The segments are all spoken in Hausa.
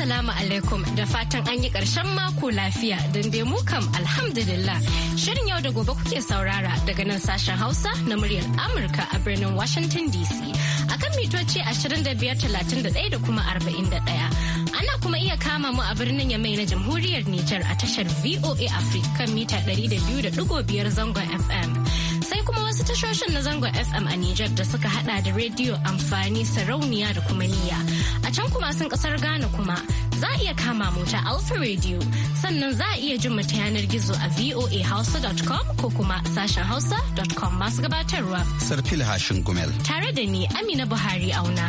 Assalamu alaikum da fatan an yi ƙarshen mako lafiya don dai mu kam alhamdulillah. Shirin yau da gobe kuke saurara daga nan sashen Hausa na muryar Amurka a birnin Washington DC. A kan mitoci 2531 da kuma 41. Ana kuma iya kama mu a birnin Yamai na Jamhuriyar Nijar a tashar VOA Africa kan mita 200.5 zangon FM. wasu tashoshin na zangon FM a Nijar da suka hada da rediyo amfani sarauniya da kuma niyya. A can kuma sun kasar Ghana kuma za a iya kama mota ta Alpha Radio sannan za a iya jin mu yanar gizo a voahausa.com ko kuma sashen hausa.com masu gabatarwa. Sarfil Hashin Gumel. Tare da ni Amina Buhari auna.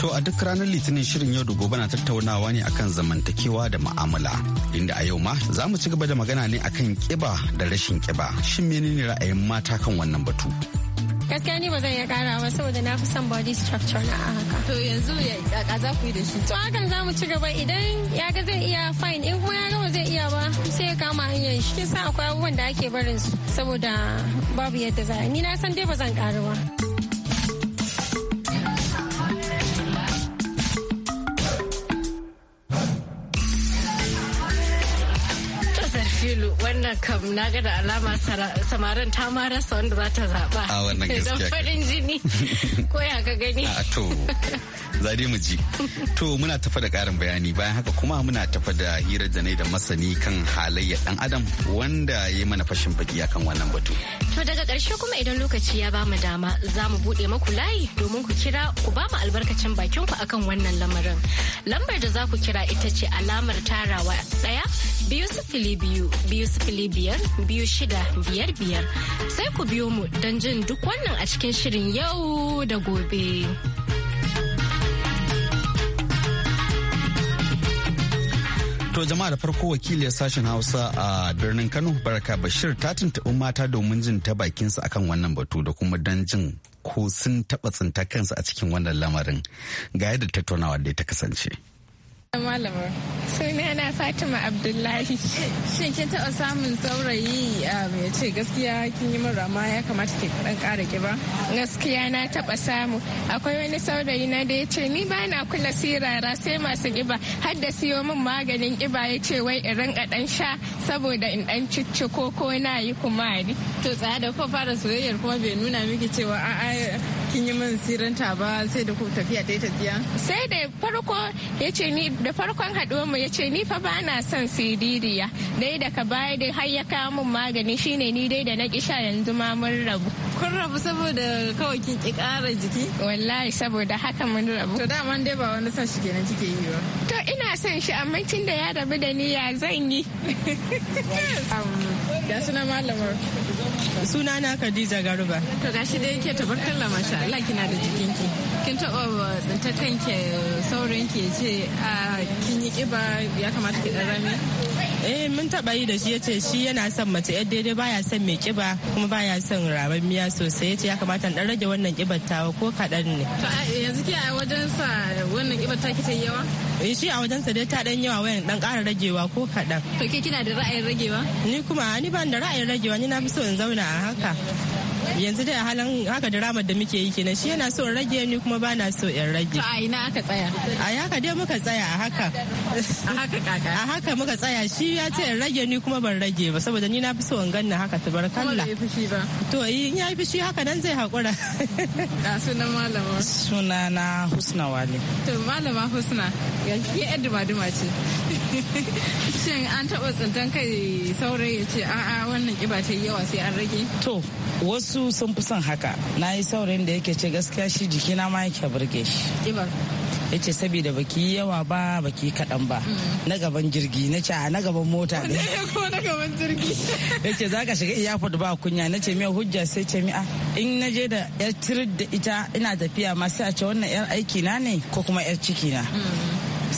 To a duk ranar litinin shirin yau da gobe na tattaunawa ne akan zamantakewa da ma'amala. inda a yau ma za mu ci gaba da magana ne akan kiba da rashin kiba shin menene ra'ayin mata kan wannan batu gaskiya ni ba zan iya ba saboda na fi son body structure na haka to yanzu ya za ku yi da shi to hakan za mu ci gaba idan ya ga zai iya fine in kuma ya ga ba zai iya ba sai ya kama hanyar shi sa akwai abubuwan da ake barin su saboda babu yadda za ni na san dai ba zan kara ba wannan kam na ga da alama samarin ta ma rasa wanda za ta zaɓa. A wannan gaskiya. Don farin jini ko ya ka gani. A to zade mu ji. To muna tafa da ƙarin bayani bayan haka kuma muna tafa da hira da da masani kan halayya dan adam wanda ya mana fashin baki kan wannan batu. To daga ƙarshe kuma idan lokaci ya ba mu dama za mu buɗe maku layi domin ku kira ku ba mu albarkacin ku akan wannan lamarin. Lambar da za ku kira ita ce alamar tarawa ɗaya biyu sifili biyu biyu sifili biyar biyu shida biyar biyar sai ku biyo mu don jin duk wannan a cikin shirin yau da gobe. To jama'a da farko ya sashen Hausa a birnin Kano Baraka Bashir ta tuntuɓi mata domin jin ta bakinsu akan wannan batu da kuma don jin ko sun taɓa tsinta kansu a cikin wannan lamarin ga yadda tattaunawa da ta kasance. Malama. Suna na Fatima Abdullahi. Shin kin taɓa samun saurayi ah, mai ce gaskiya kin yi min rama ya kamata ke ɗan ƙara ba? Gaskiya na taɓa samu. Akwai wani saurayi na da ya ce ni ba na kula sirara sai masu ƙiba har da siyo min maganin ƙiba ya ce wai in ɗan sha saboda in ɗan cicci ko na yi kumari. To tsaya da fara soyayyar kuma bai nuna miki cewa a'a kin yi min siranta ba sai da ku tafiya ta tafiya sai da farko ya ce ni da farkon haɗuwar mu ya ce ni fa ba na son siririya dai daga baya dai har ya kawo min magani shine ni dai da na kisha yanzu ma mun rabu kun rabu saboda kawai kin ki ƙara jiki wallahi saboda haka mun rabu to dama dai ba wani son shi kenan kike yi ba to ina son shi amma tun da ya rabu da ni ya zan yi ya suna malamar suna na Khadija Garuba to gashi dai yake tabarkalla masha Allah kina da jikin ki kin taɓa tsinta kanki saurin ki ce a kin yi kiba ya kamata ki dan rame eh mun taɓa yi da shi yace shi yana son mace yadda daidai baya son mai kiba kuma baya son raban miya sosai yace ya kamata in rage wannan kibar tawa ko kaɗan ne yanzu ki a wajen sa wannan kibar ta kice yawa eh shi a wajen sa dai ta dan yawa wayan dan ƙara ragewa ko kaɗan. to ke kina da ra'ayin ragewa ni kuma ni ban da ra'ayin ragewa ni na fi so in zauna a haka yanzu da halin haka diramar da muke yi kenan shi yana so in rage ni kuma ba na so in rage to a ina aka tsaya a haka dai muka tsaya a haka a haka kaka a haka muka tsaya shi ya ce in rage ni kuma ban rage ba saboda ni na fi so in ganna haka tabarkalla to in ya fushi haka nan zai hakura da sunan malama sunana husna wale to malama husna gaskiya yar duma-duma ce Shin an taɓa tsantan kai saurayi ya ce a'a wannan kiba ta yi yawa sai an rage? To wasu sun fi son haka na yi saurayin da yake ce gaskiya shi jikina ma yake burge shi. ya ce saboda baki yi yawa ba baki kaɗan ba mm. na gaban jirgi na ce a na gaban mota ne na gaban jirgi ya ce za ka shiga iyafod ba kunya na ce miya hujja sai ce mi'a ah, in na je da yar tirid da ita ina tafiya ma sai a ce wannan yar aiki na ne ko kuma yar ciki na mm.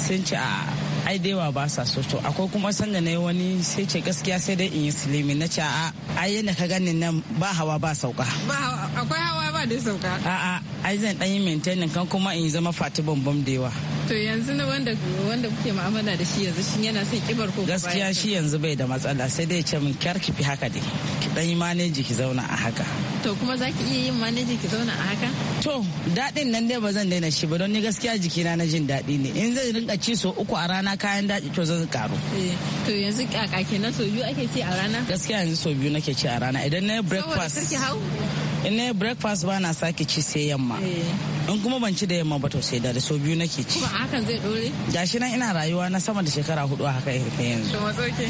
sun ce a ai da yawa ba sa so to akwai kuma sanda na yi wani sai ce gaskiya sai dai in yi silimi na ce a ai yadda ka ganin nan ba hawa ba sauka ba akwai hawa ba dai sauka a'a ai zan dan yi maintainin kan kuma in zama fati bambam da yawa to yanzu na wanda wanda kuke mu'amala da shi yanzu shin yana son kibar ko gaskiya shi yanzu bai da matsala sai dai ce min kyar ki fi haka dai ki dan yi manage ki zauna a haka To kuma za ki iya yin manajin ki zauna a haka? To daɗin nan dai ba zan daina shi ba don ni gaskiya jikina na jin daɗi ne. In zai rinka ci so uku a rana kayan daɗi to zan karu. Eh, to yanzu kaka kenan so biyu ake ci a rana? Gaskiya yanzu so biyu nake ci a rana idan na breakfast. Saboda sarki hau? in na breakfast ba na sake ci sai yamma eh. in kuma ban ci da yamma ba to sai da so biyu nake ci kuma hakan zai dole gashi nan ina rayuwa na sama da shekara hudu haka yake yanzu to ke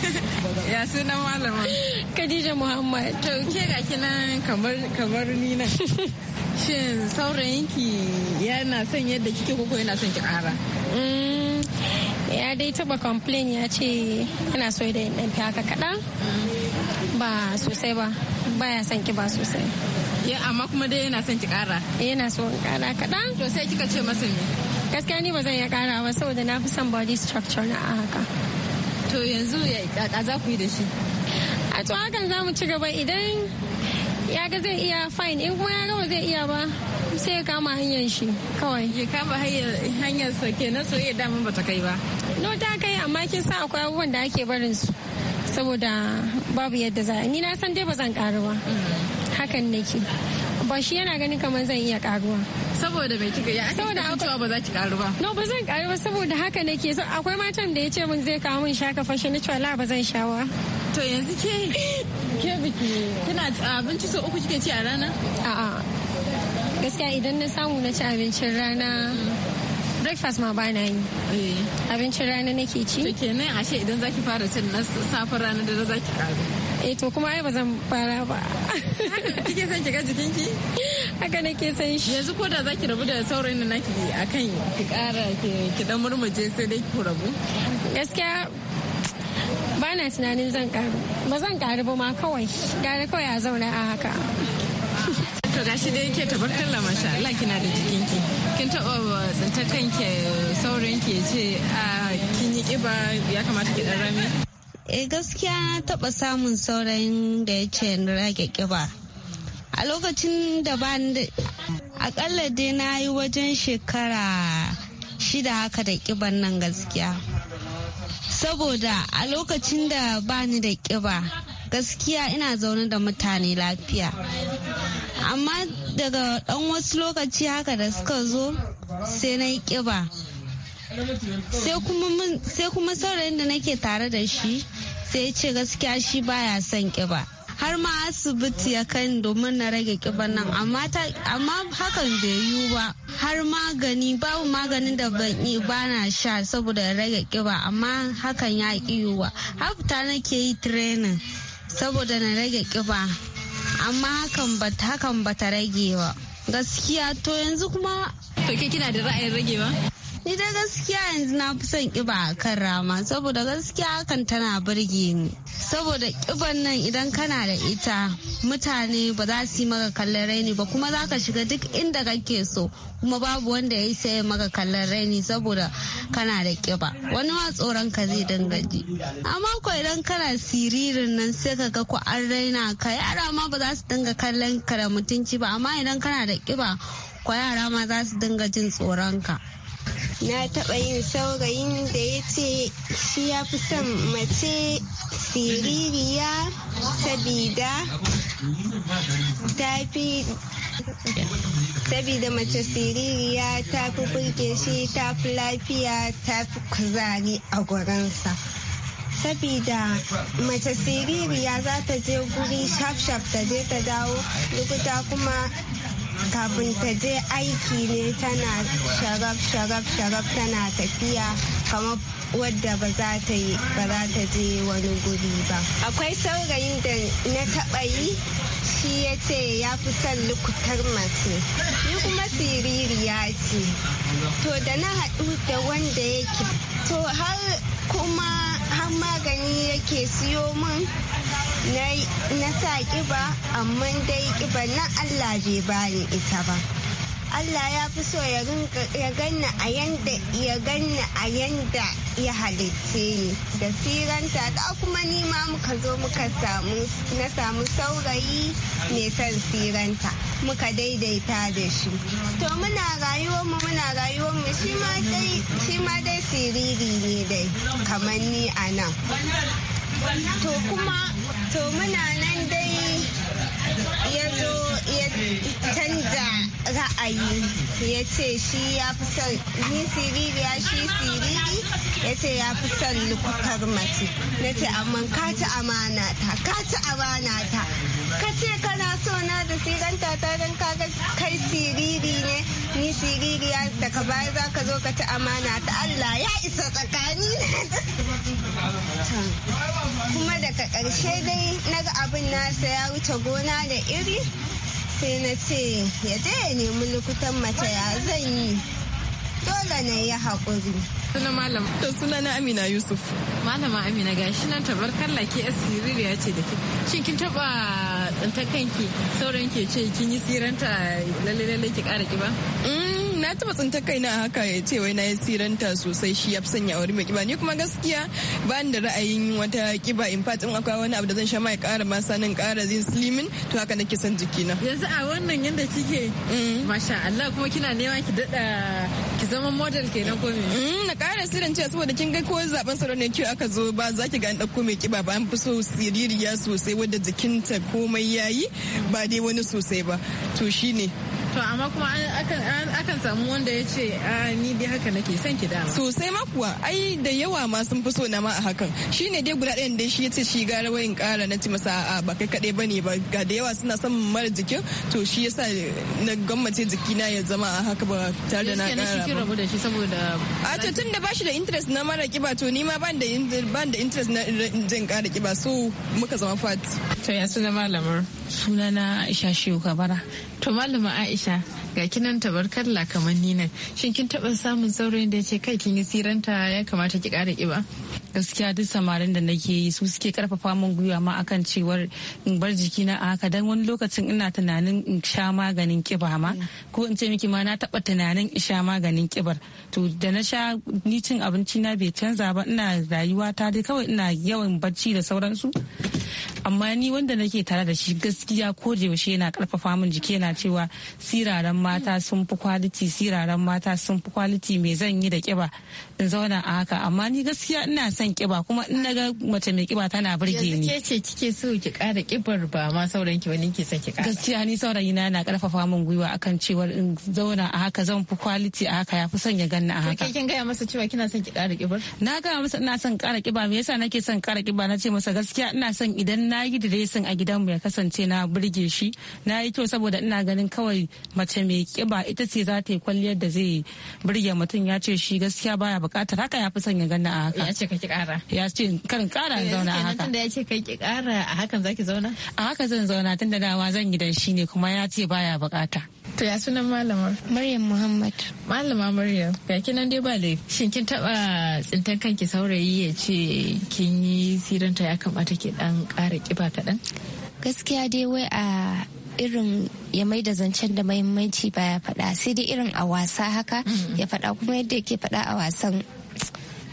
ya sunan malama kadija Muhammad to ke ga kina kamar kamar ni na shin saurayinki yana son yadda kike ko yana son ki kara mm, ya dai taba complain ya ce yana so da dan ɗanfi haka kaɗan ba sosai ba baya son ki ba sosai ya amma kuma dai yana son ki ƙara eh, yana so in ƙara kaɗan to sai kika ce masa ne gaskiya ni ba zan iya ƙara ba saboda na fi son body structure na a haka to yanzu ya za ku yi da shi a to hakan za mu ci gaba idan ya ga zai iya fine in kuma ya ga ba zai iya ba sai ya kama hanyar shi kawai ya kama hanyar sa kenan soyayya daman bata kai ba no ta kai amma kin san akwai abubuwan da ake barin su saboda babu yadda za ni na san dai ba zan karu ba mm-hmm. hakan nake ba shi yana ganin kamar zan iya karuwa saboda bai kika ya saboda cewa ba za ki karu ba no ba zan karu ba saboda haka nake so akwai matan da ya ce min zai kawo min shaka fashe na cewa la ba zan sha wa. to yanzu ke ke biki kina abinci so uku kike ci a rana a'a gaskiya idan na samu na ci abincin rana breakfast ma ba na yi eh. abincin rana nake ci kenan ashe idan zaki fara cin na safin rana da zaki karu eh to kuma ai ba zan fara ba kike son kiga ki haka nake san shi yanzu ko da zaki rabu da saurayin da naki akan ki kara ki dan murmuje sai dai ki rabu gaskiya ba na tunanin zan karu ba zan karu ba ma kawai gare kawai a zauna a haka to gashi dai ke tabarkalla masha Allah kina da jikinki kin taba uh, tsantar kanki saurin ke ce a ah, kin yi kiba ya kamata ki dan rame e gaskiya na taba samun saurayin da ya ce na rage kiba a lokacin da ba ni akalla dai na yi wajen shekara shida haka da kiban nan gaskiya saboda a lokacin da ba ni da kiba gaskiya ina zaune da mutane lafiya amma daga dan wasu lokaci haka da suka zo sai na yi kiba sai kuma saurayin da nake tare da shi sai ce gaskiya shi baya son kiba har ma asibiti ya kan domin na rage kiban nan amma hakan bai yiwu ba har magani babu maganin da ban yi bana sha saboda rage kiba amma hakan ya ki yiwuwa har nake yi training saboda na rage kiba amma hakan ba hakan ba ta rage gaskiya to yanzu kuma to ke kina da ra'ayin ragewa Ni da gaskiya yanzu na fi son kiba a kan rama saboda gaskiya hakan tana birge ni. Saboda kiban nan idan kana da ita mutane ba za su yi maka kallon raini ba kuma za ka shiga duk inda kake so kuma babu wanda ya yi sai maka kallon raini saboda kana da kiba wani ma tsoron ka zai dinga ji amma ko idan kana siririn nan sai ka ga ku an raina ka yara ma ba za su dinga kallon ka da mutunci ba amma idan kana da kiba ko yara ma za su dinga jin tsoron ka na taɓa yin saurayin da ya ce shi ya fi son mace siririya sabida ta fi sabida mace siririya ta fi burge shi ta fi lafiya ta fi kuzari a gurinsa sabida mace siririya za ta je guri shaf-shaf ta je ta dawo lokuta kuma kafin ta je aiki ne tana sharaf sharaf sharaf tana tafiya kamar wadda ba za ta yi ba za ta je wani guri ba akwai saurayin da na taɓa yi shi ya ce ya fi son lukutar mace ni kuma siririya ce to da na haɗu da wanda yake to har kuma har magani yake siyo min na sa ƙiba amma dai ƙiba nan Allah bai bani ita ba. Allah ya fi so ya ganna a yanda ya ganna a yanda ya halitte ni da siranta da kuma ni ma muka zo muka samu na samu saurayi mai son siranta muka daidaita da shi to muna rayuwar mu muna rayuwar mu shi ma dai shi ma dai siriri ne dai kamar ni a nan to kuma to muna nan dai ya zo ya canza ra'ayi ya ce shi ya fi son ni ya shi siriri ya ce ya fi son lukutar mace na ce amma ka ci amana ta ka ci amana ta ka ce kana so na da siranta ta don kaga kai siriri ne ni siririya daga baya za ka zo ka ci amana ta Allah ya isa tsakani kuma daga ƙarshe dai naga abin nasa ya wuce gona da iri sai na ce ya je ya nemi lukutan mace ya zan yi dole na yi haƙuri. Suna malam. Suna na Amina Yusuf. Malama Amina gashi nan tabarkalla ke ya ce da ke. Shin kin taɓa tsantar kanki sauran ke ce kin yi siranta lalle lalle ki ƙara ƙiba? Mm, na taba na kaina haka ya ce wai na yi siranta sosai shi ya fi sanya wuri mai kiba ni kuma gaskiya ba ni da ra'ayin wata kiba in fatin akwai wani abu da zan sha mai ƙara masa nan ƙara zin slimin to haka nake son jikina yanzu a wannan yadda kike mm. masha Allah kuma kina nema ki daɗa. ki zama model ke ko komi. Mm, na ƙara sirin cewa saboda kin ga ko zaben salon ne kiyo aka zo ba za ki ga an ɗauko mai kiba ba an fi so siririya sosai wadda jikinta komai yayi ba dai wani sosai ba to shine to amma kuma akan samu wanda ya ce a ah, ni dai haka nake son ki dama sosai ma kuwa ai da yawa ma sun fi so na ma a hakan shine dai guda ɗayan da shi ya ce shi gara wayin ƙara na ci masa a ba kai kaɗai ne ba ga da yawa suna son mara jikin to shi ya sa na gwammace jikina ya zama a haka ba tare da na ƙara ba a to tun da ba shi da interest na mara kiba to ni ma ban da interest na jin ƙara kiba so muka zama fat to ya suna malamar sunana Aisha Shehu Kabara to malama Aisha Aisha ga kinan tabarkalla kamar nina shin kin taba samun saurayin da ce kai kin yi siranta ya kamata ki kara kiba gaskiya duk samarin da nake yi su suke karfafa min gwiwa ma akan cewar in bar jikina a haka dan wani lokacin ina tunanin in sha maganin kiba ma ko in ce miki ma na taba tunanin in sha maganin kibar to da na sha ni cin abinci na bai canza ba ina rayuwa ta dai kawai ina yawan barci da sauransu amma ni wanda nake tare da shi gaskiya ko da yaushe yana karfafa min jiki yana cewa siraran mata sun fi kwaliti siraran mata sun fi kwaliti me zan yi da kiba in zauna a haka amma ni gaskiya ina son kiba kuma in ga mace mai kiba tana burge ni yanzu ce kike so ki kara kibar ba ma sauran ki wani ke son ki kara gaskiya ni saurayi na yana karfafa min gwiwa akan cewa in zauna a haka zan fi kwaliti a haka ya fi son ya ganni a haka kin gaya masa cewa kina son ki kara kibar na ga masa ina son kara kiba me yasa nake son kara kiba na ce masa gaskiya ina son idan na yi diresin a gidanmu ya kasance na burge shi na yi kyau saboda ina ganin kawai mace mai kiba ita ce za ta yi kwalliyar da zai burge mutum ya ce shi gaskiya baya bukatar haka ya fi son ya gani a haka ya ce ki kara ya ce karin kara in eh, zauna a haka tunda ya ce ka ki kara a hakan zaki zauna a haka zan zauna tunda dama zan yi dan shi ne kuma ya ce baya bukata To ya sunan malama? Maryam Muhammad. Malama Maryam, ga kinan dai ba laifi. Shin kin taba tsintan kanki saurayi ya ce kin yi siranta ya kamata ki dan ƙara kiba kaɗan? Gaskiya dai wai a irin ya mai da zancen da mahimmanci ba ya faɗa sai dai irin a wasa haka mm. ya faɗa kuma yadda yake faɗa a wasan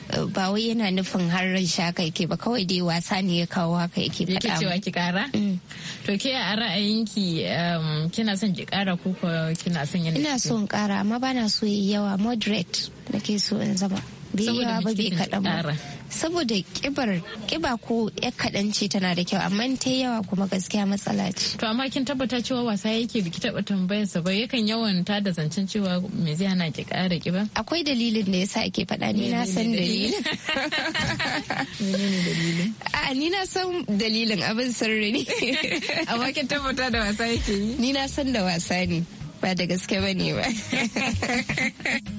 ba wai yana nufin har ran shaka yake ba kawai dai wasa ne ya kawo haka yake faɗa yake cewa ki kara mm. to ke a ra'ayinki um, kina son ki kara ko kina son yana ina son kara amma bana so yayi yawa moderate nake so in zama bai yawa ba bai kaɗan ba saboda kibar kiba ko ya kaɗan ce tana da kyau amma ta yawa kuma gaskiya matsala ce to amma kin tabbata cewa wasa yake biki taɓa tambayarsa ba yakan yawan ta da zancen cewa me zai hana ki ƙara kiba akwai dalilin da yasa ake faɗa ni na san dalilin dalilin a ni na san dalilin abin sirri ne amma kin tabbata da wasa yake yi ni na san da wasa ne ba da gaske ba ne ba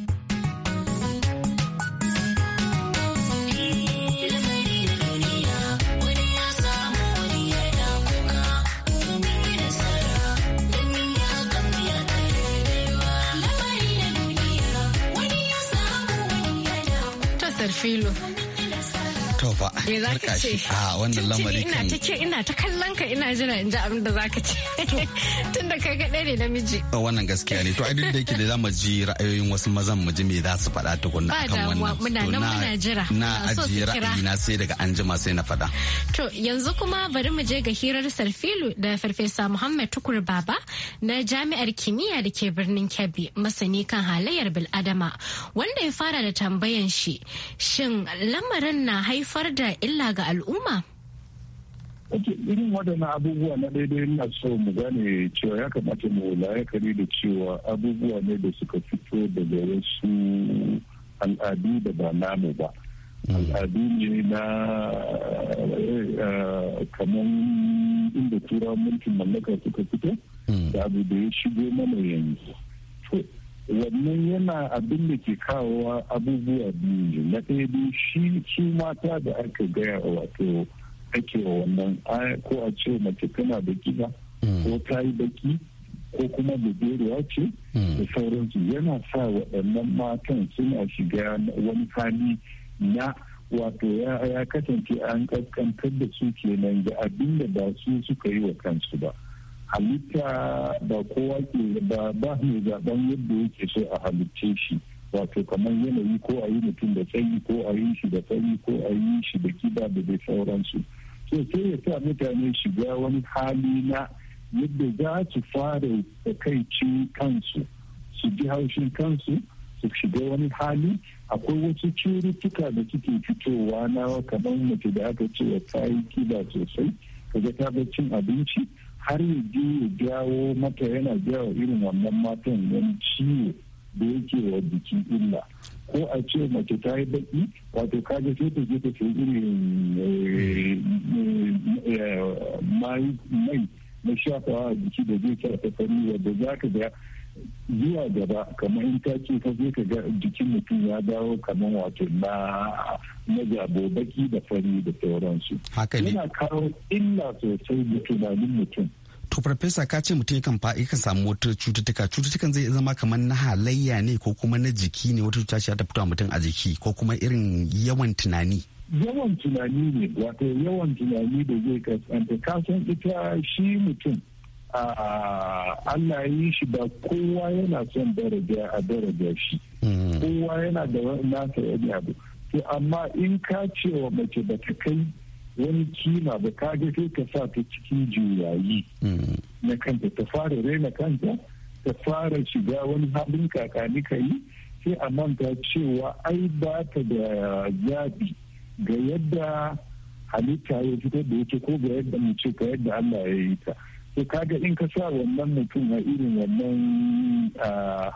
filho me za ka ce a ah, wannan lamari kan ina ta ke ina ta kallon ka ina jira in ji abin da za ka ce tun da kai kaɗai ne namiji wannan gaskiya ne to a duk da yake da za mu ji ra'ayoyin wasu mazan mu ji me za su faɗa tukunna akan wannan muna nan muna jira na ajiye ra'ayi na sai daga an jima sai na faɗa to yanzu kuma bari mu je ga hirar sarfilu da farfesa muhammad tukur baba na jami'ar kimiyya da ke birnin kebbi masani kan halayyar bil'adama wanda ya fara da tambayan shi shin lamarin na haifar da ƙara illa ga al'umma? Ake irin waɗannan abubuwa na daidai na so mu gane cewa ya kamata mu la'akari da cewa abubuwa ne da suka fito daga wasu al'adu da ba namu ba. Hmm. Al'adu ne na eh, eh, kamar inda tura mulkin mallaka suka fito hmm. da abu da ya shigo mana yanzu. wannan yana abin da ke kawowa abubuwa biyu na ɗaya biyu shi su mata da aka gaya wato ake wa wannan ko a ce mace tana da kiba hmm. ko ta yi baki ko kuma beruwa ce hmm. da sauransu yana sa waɗannan matan suna shiga wani fani na wato ya kasance an kaskantar da su kenan da abin da ba su suka yi wa kansu ba. halitta ba kowa ke ba ba ne zaben yadda yake so a halitta shi wato kamar yanayi ko a yi mutum da tsayi ko a yi shi da tsayi ko a yi shi da kiba da dai sauransu so sai ya sa mutane shiga wani hali na yadda za su fara da kai kansu su ji haushin kansu su shiga wani hali akwai wasu cirutuka da suke fitowa na kamar mace da aka ce ta yi kiba sosai kaga ta cin abinci har yanzu ya jawo mata yana jawo irin wannan matan wani ciwo da yake wa jiki illa ko a ce mace ta yi baki wato kaga sai ta je ta sai irin eh, eh, eh, mai na shafawa a jiki da zai sa fari wadda za ka ga zuwa gaba kamar in ta ce ka je ka ga jikin mutum ya dawo kamar wato na na jabo baki da fari da sauransu yana kawo illa sosai da tunanin mutum to farfesa ka ce mutum yakan fa'i kan samu wata cututtuka cututtukan zai zama kamar na halayya ne ko kuma na jiki ne wata cuta ce ta fito mutum a jiki ko kuma irin yawan tunani yawan tunani ne wato yawan tunani da zai kasance kasan ita shi mutum Allah yi shi ba kowa yana son daraja a daraja shi hmm. kowa yana da nasa yadda abu to amma in ka cewa mace ba ta kai wani kima ba ka ga sai ka sa ta cikin juyayi hmm. na kanta ta fara raina kanta ta fara shiga wani halin kakani ka yi sai a manta cewa ai ba ta da zabi ga yadda halitta ya fitar da yake ko ga yadda mace ka yadda Allah ya yi ta ka ga in ka sa wannan mutum a irin wannan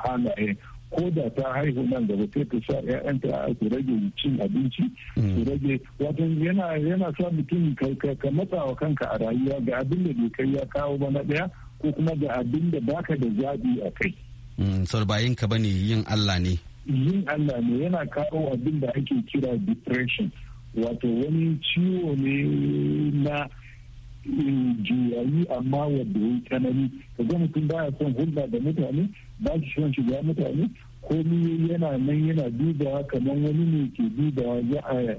halaye ko da ta haihu nan gaba sai ta sa ƴaƴanta su rage cin abinci hmm. su rage wato yana yana sa mutum ka matsa wa kanka a rayuwa ga abin da bai kai ya kawo ba na ɗaya ko kuma ga abin da baka da zaɓi a kai. Hmm, sau ba ne yin Allah ne. Yin Allah ne yana kawo abin da ake kira depression wato wani ciwo ne na juyayi amma wanda ya tsanani ka ga mutum baya son hulɗa da mutane ba shi son shiga mutane ni yana nan yana dubawa kamar wani ne ke dubawa ya a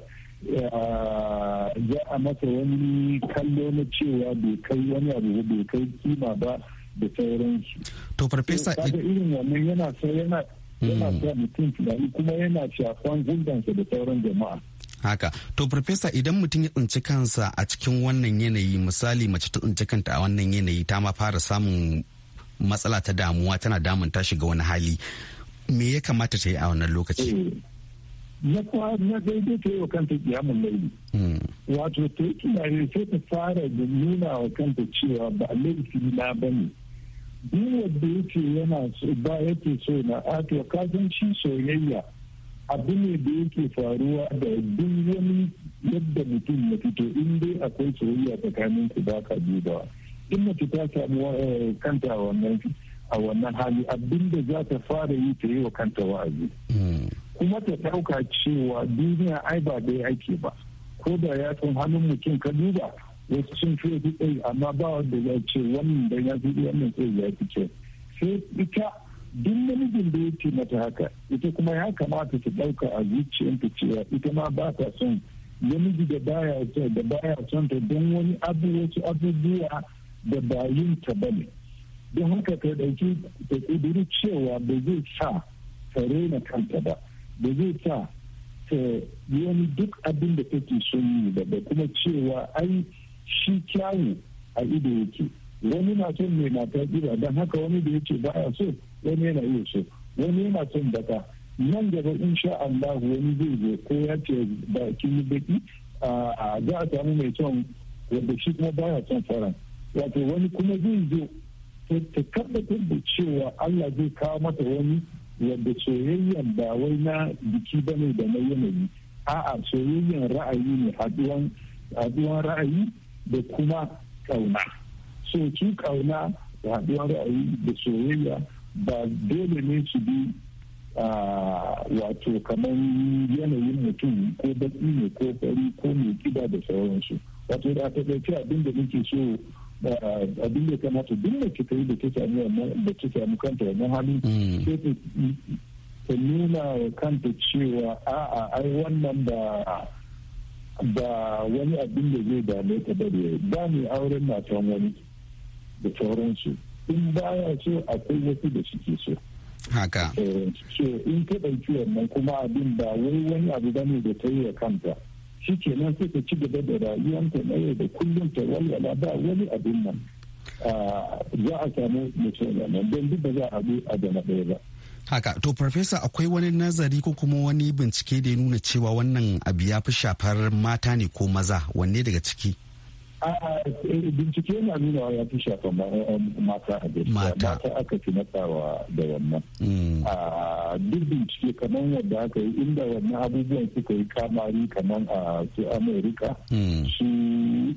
ya a masa wani kallo na cewa bai kai wani abu bai kai kima ba da shi. To farfesa irin wannan yana sa yana yana hmm. sa mutum tunani kuma yana shafan hulɗansa da sauran jama'a. haka to profesa idan mutum ya tsinci kansa a cikin wannan yanayi misali mace ta tsinci kanta a wannan yanayi ta ma fara samun matsala ta damuwa tana damun ta shiga wani hali me ya kamata ta yi a wannan lokaci eh, na daidai ta yi kanta kiyamun laifi. Hmm. wato ta yi tunani sai ta fara da nuna wa kanta cewa ba laifi na ba ne duk wanda yake yana ba yake so na ato kasan soyayya abu ne da yake faruwa da duk wani yadda mutum ya fito in dai akwai soyayya tsakanin ku ba ka dubawa in mace ta samu eh, kanta a wannan a wannan hali abinda za ta fara yi ta yi wa kanta wa'azi hmm. kuma ta ɗauka cewa duniya ai ba dai ake ba ko da ya san hannun mutum ka duba wasu sun fiye amma ba wanda ya ce wannan da ya fi wannan tsaye ya fi ce sai ita duk namijin da yake mata haka ita kuma ya kamata ta ɗauka a zuciyarta cewa ita ma ba ta son namiji da baya da baya son ta don wani abu wasu abubuwa da bayin ta ta bane don haka ta ɗauki ta ƙuduri cewa ba zai sa ta rena kanta ba ba zai sa ta wani duk abin da take son yi ba da kuma cewa ai shi kyawu a ido yake wani na son mai mata ƙira don haka wani da yake baya so wani yana iya so wani yana son baka nan gaba sha Allah wani zai zo ko ya ce yi baki a za a samu mai son wanda shi kuma baya son fara wato wani kuma zai zo ta tabbatar da cewa Allah zai kawo mata wani wanda soyayyen ba wai na biki ba ne da na yanayi a'a soyayyen ra'ayi ne haɗuwan ra'ayi da kuma ƙauna so ki kauna da haɗuwan ra'ayi da soyayya ba dole ne su bi wato kamar yanayin mutum ko baki ne ko fari ko mai kiba da sauransu wato da aka ɗauki abin da nake so abin da kamata duk ta yi da ta sami da ta sami kanta wannan hali mm. sai ta nuna kanta cewa a'a ai wannan ba ba wani abin da zai dame ta bare ba ne auren matan wani da sauransu in baya so akwai wasu da suke so haka eh, so in ka ɗauki wannan kuma abin ba wai wani abu ne da ta yi kanta shi kenan sai ta ci gaba da rayuwanta na yau da kullum ta walwala ba wani abin nan ah, za a samu mutum nan don duk ba za a bi a dana ɗaya ba. Haka, to Farfesa akwai wani nazari ko kuma wani bincike da ya nuna cewa wannan abu ya fi shafar mata ne ko maza wanne daga ciki? Eh, bincike na nuna ya fi shafa eh, mata a gaskiya mata aka fi matsawa da wannan hmm. duk bincike kamar yadda aka yi inda wannan abubuwan suka yi kamari kamar a su amerika hmm. su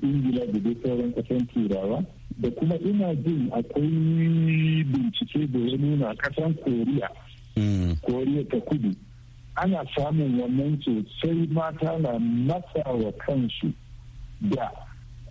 ingila da dai sauran kasan turawa da kuma ina jin akwai bincike da ya nuna kasan koriya hmm. koriya ta kudu ana samun wannan sosai mata na matsawa kansu da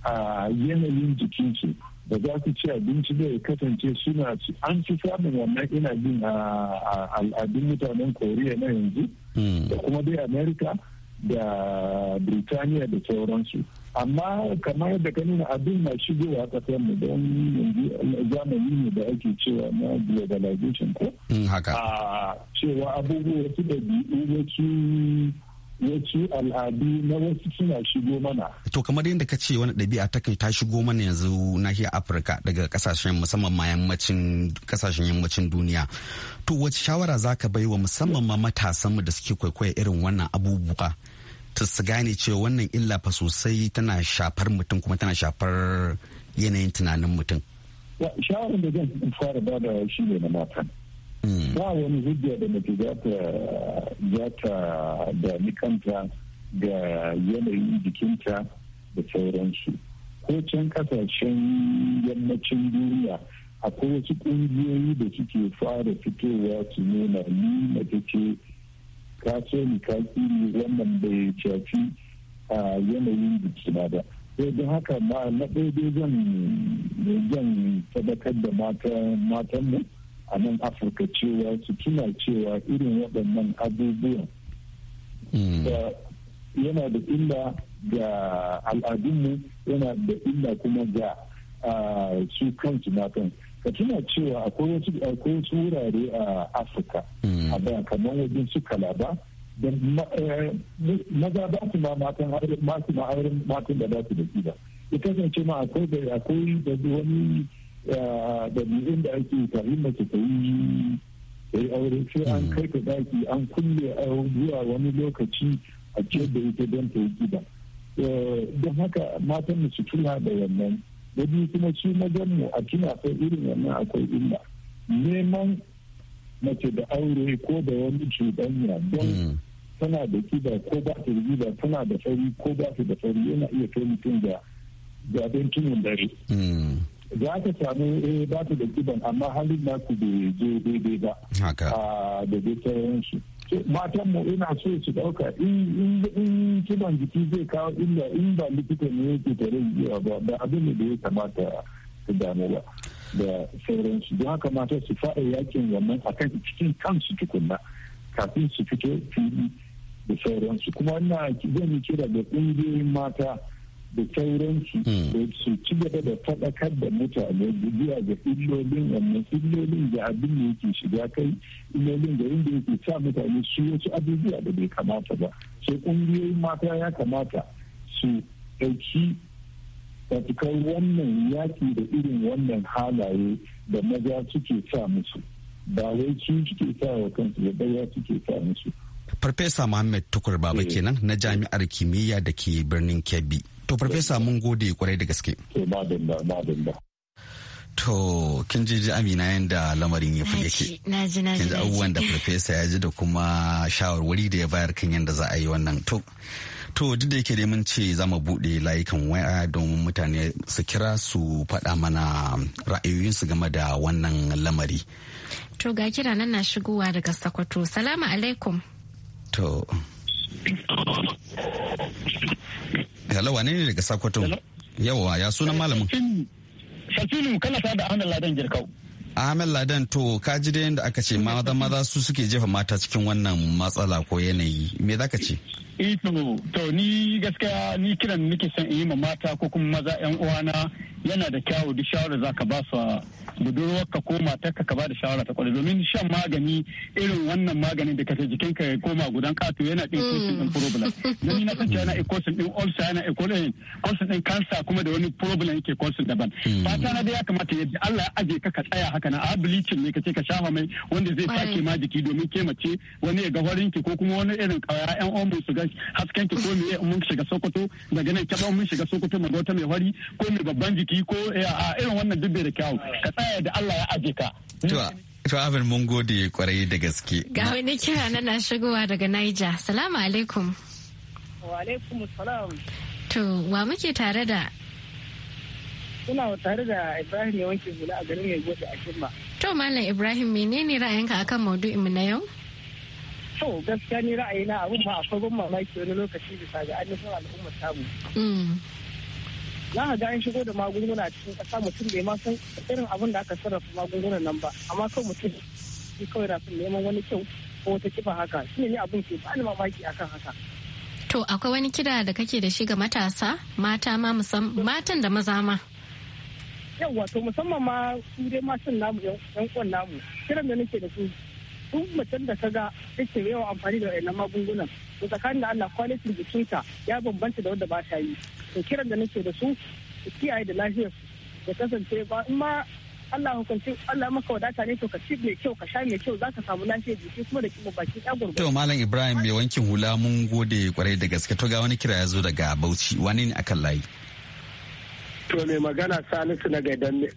a yanayin jikinsu da za su ci abinci ya kasance suna ci an fi samun wannan ina jin a al'adun mutanen koriya na yanzu hmm. da kuma dai amerika da birtaniya da sauransu amma kamar da ka nuna abin na shigowa kasar mu don zamani ne da ake cewa na globalization ko hmm, a cewa abubuwa su da biyu wasu yaci al'adu na wasu suna shigo mana. To kamar yadda ka ce wani ɗabi'a ta kai ta shigo mana yanzu nahiyar Afirka daga kasashen musamman ma yammacin kasashen yammacin duniya. To wace shawara za ka bai wa musamman ma matasanmu da suke kwaikwaya irin wannan abubuwa? Ta su gane cewa wannan illa fa sosai tana shafar mutum kuma tana shafar yanayin tunanin mutum. Shawarar da zan fara bada shi ne na matan. ba wani hujja da mace za ta dami kanta ga yanayin jikinta da sauransu ko can kasashen yammacin duniya akwai wasu ƙungiyoyi da suke fara fitowa su nuna ni mace ce ka so ni ka ne wannan bai shafi a yanayin jiki na ba sai don haka na ɗaya zan zan tabbatar da matan mu a nan afirka cewa su tuna cewa irin waɗannan abubuwan hmm. yana da illa ga al'adunmu yana da illa kuma ga su kansu matan ka tuna cewa akwai wasu wurare a afirka hmm. a baya kamar wajen su kalaba eh, maza ba su ma matan auren matan da ba su da ita kasance ma akwai da akwai da wani dalilin da ake tari mace ta yi da yi aure sai an hmm. kai ka daki an kulle zuwa wani lokaci a ce da ita don ta yi gida don haka matan mu su tuna da wannan da biyu kuma su mazan mu a tuna akwai irin wannan akwai illa neman mace da aure ko da wani cuɗanya don hmm. tana da kiba ko ba ta da kiba tana da fari ko ba ta da fari yana iya kai mutum da don tunin dare hmm. za ta samu eh ba ta da kiban amma halin naku bai je daidai ba ah, da dai shi matan mu ina so su dauka in kiban jiki zai kawo illa in ba likita ne yake tare ba da abin da ya kamata su damu ba da su don haka mata su fara yakin wannan kan cikin kansu tukunna kafin su fito fili da su kuma ina zan kira da ƙungiyoyin mata da sauransu hmm. da su ci gaba da faɗakar da mutane zuwa ga illolin wannan illolin da abin da yake shiga kai illolin da inda yake sa mutane su wasu abubuwa da bai kamata ba sai ƙungiyoyin mata ya kamata su ɗauki kai wannan yaki da irin wannan halaye da maza suke sa musu ba wai su suke sa wa kansu da ɗaya suke sa musu. Farfesa Muhammad Tukur Baba eh. kenan na Jami'ar Kimiyya da ke birnin Kebbi. To farfesa mun gode kwarai da gaske. Eh, to kin ji Amina yadda lamarin ya fi yake. Kin ji abubuwan da farfesa ya ji da kuma shawarwari da ya bayar kan yadda za a yi wannan. To To duk da yake dai mun ce za mu buɗe layukan waya domin mutane su kira su faɗa mana ra'ayoyinsu game da wannan lamari. To ga kira nan na shigowa daga Sokoto. Salamu alaikum. To. Hello, wane ne daga Sokoto? Yawa, ya sunan eh, malamin. Safilu kana sa da Ahmed Ladan Jirkau. Ahmed Ladan to ka ji da yadda aka ce maza maza su suke jefa mata cikin wannan matsala ko yanayi. Me za ka ce? Ito, eh, to ni gaskiya ni kiran nake son in yi ma mata ko kuma maza yan uwana yana da kyawu duk shawara zaka ba su ka ko matarka ka ba da shawara ta kwarai domin shan magani irin wannan maganin da ka jikin ka ya koma gudan kato yana din mm. cikin din problem don na san yana kosin ɗin ulcer yana din kansa kuma da wani problem yake kosin daban mm. fata na da ya kamata yadda Allah ya aje ka ka tsaya haka na a ne ka ce ka shafa mai wanda zai sake ma jiki domin ke mace wani ya ga ki ko kuma wani irin ƙawa ƴan omen su ga hasken ki ko me mun shiga Sokoto daga nan kaba mun shiga Sokoto mu wata mai wari ko mai babban jiki ko eh, a irin wannan dubbe da kyau ka tsaya da Allah ya aje ka to abin mun gode kwarai da gaske ga wani kira na na shigowa daga Niger salamu alaikum wa alaikum salam to wa muke tare da Kuna tare da Ibrahim ya wanke hula a garin Lagos a Kimba. To Malam Ibrahim menene ra'ayinka akan maudu'in mu na yau? to gaskiya ni ra'ayina abin ba akwai ban mamaki wani lokaci bisa ga ainihin al'ummar samu mm. za ga an shigo da magunguna cikin kasa mutum bai ma san irin abin da aka sarrafa magungunan nan ba amma kawai mutum shi kawai rafin neman wani kyau ko wata kifa haka shi ne abin ke ba ni mamaki akan haka to akwai wani kira da kake da shi ga matasa mata ma musamman matan da maza ma yawwa to musamman ma su dai matan namu yan uwan namu kiran da nake da su duk mutum da ka ga take yawan amfani da wayannan magungunan to tsakanin da Allah kwalitin jikinta ya bambanta da wanda ba ta yi to kiran da nake da su su kiyaye da lafiyar ya kasance ba in ma Allah hukunci Allah maka wadata ne to ka ci mai kyau ka sha mai kyau za ka samu lafiyar jiki kuma da kima baki ɗan gurgurta. To Malam Ibrahim mai wankin hula mun gode kwarai da gaske to ga wani kira ya zo daga Bauchi wani ne akan layi. To mai magana Salisu na gaidan ne.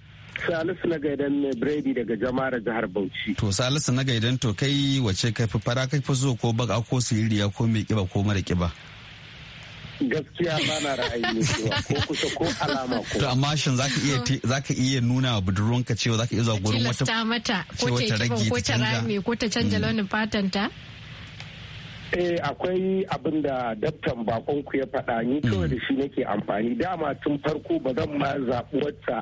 Salisu na gaidan Brady daga jama'ar jihar Bauchi. To Salisu na gaidan to kai wace kai fi fara kai fi zo ko baka ko siriya ko mai kiba ko mara kiba. Gaskiya ba na ra'ayi cewa ko kusa ko alama ko. To amma shin zaka iya zaka iya nuna wa budurwanka cewa zaka iya zuwa gurin wata ta mata ko ta kiba ko ta rami ko ta canja mm. launin fatan ta? Eh akwai abin da daftan bakonku ya faɗa ni kawai da mm. shi nake amfani dama tun farko ba zan ma zaɓi ta.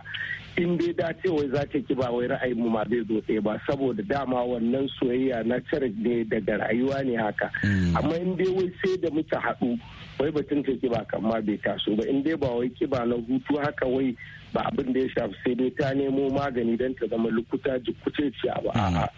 in dai dace wai za ta ki wai ra'ayin mu ma bai zo tsaye ba saboda dama wannan soyayya na cire ne daga rayuwa ne haka hmm. amma in dai wai sai da muka haɗu wai batun ta kiba kamma bai taso ba in dai ba wai kiba na hutu haka wai ba abin da ya shafi sai dai ta nemo magani don ta zama lukuta jikkuceciya ba hmm. a'a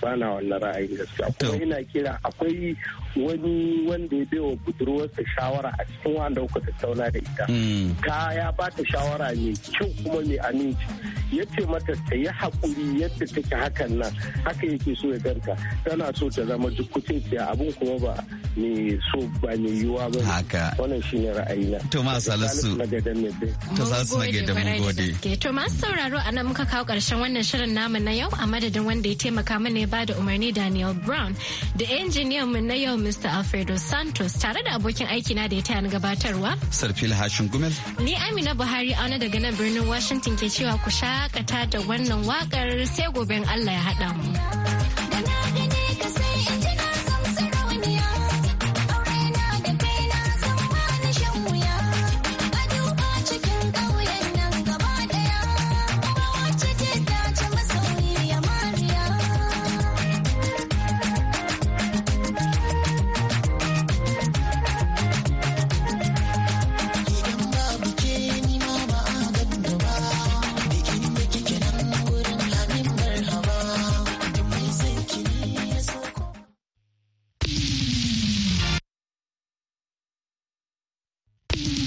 ba na wannan ra'ayin gaskiya kuma ina kira akwai wani wanda ya bai wa budurwarsa shawara a cikin wanda kuka tattauna da ita ta hmm. ya ba ta shawara mai kyau kuma mai aminci ya ce mata ta yi haƙuri yadda take hakan nan haka yake so ya ganta tana so ta zama jukkutin ciya abin kuma ba ne so ba ne yiwuwa ba haka wannan shine ra'ayina to ma salisu to salisu na gaida mu gode to masu sauraro anan muka kawo karshen wannan shirin namu na yau a madadin wanda ya taimaka mana ba da umarni Daniel Brown da injiniyan mu na yau Mr. Alfredo Santos tare da abokin aikina da ya taya ni gabatarwa. Sarfil Hashin Gumel. Ni Amina Buhari auna daga nan birnin Washington ke cewa ku shakata da wannan wakar sai goben Allah ya haɗa mu.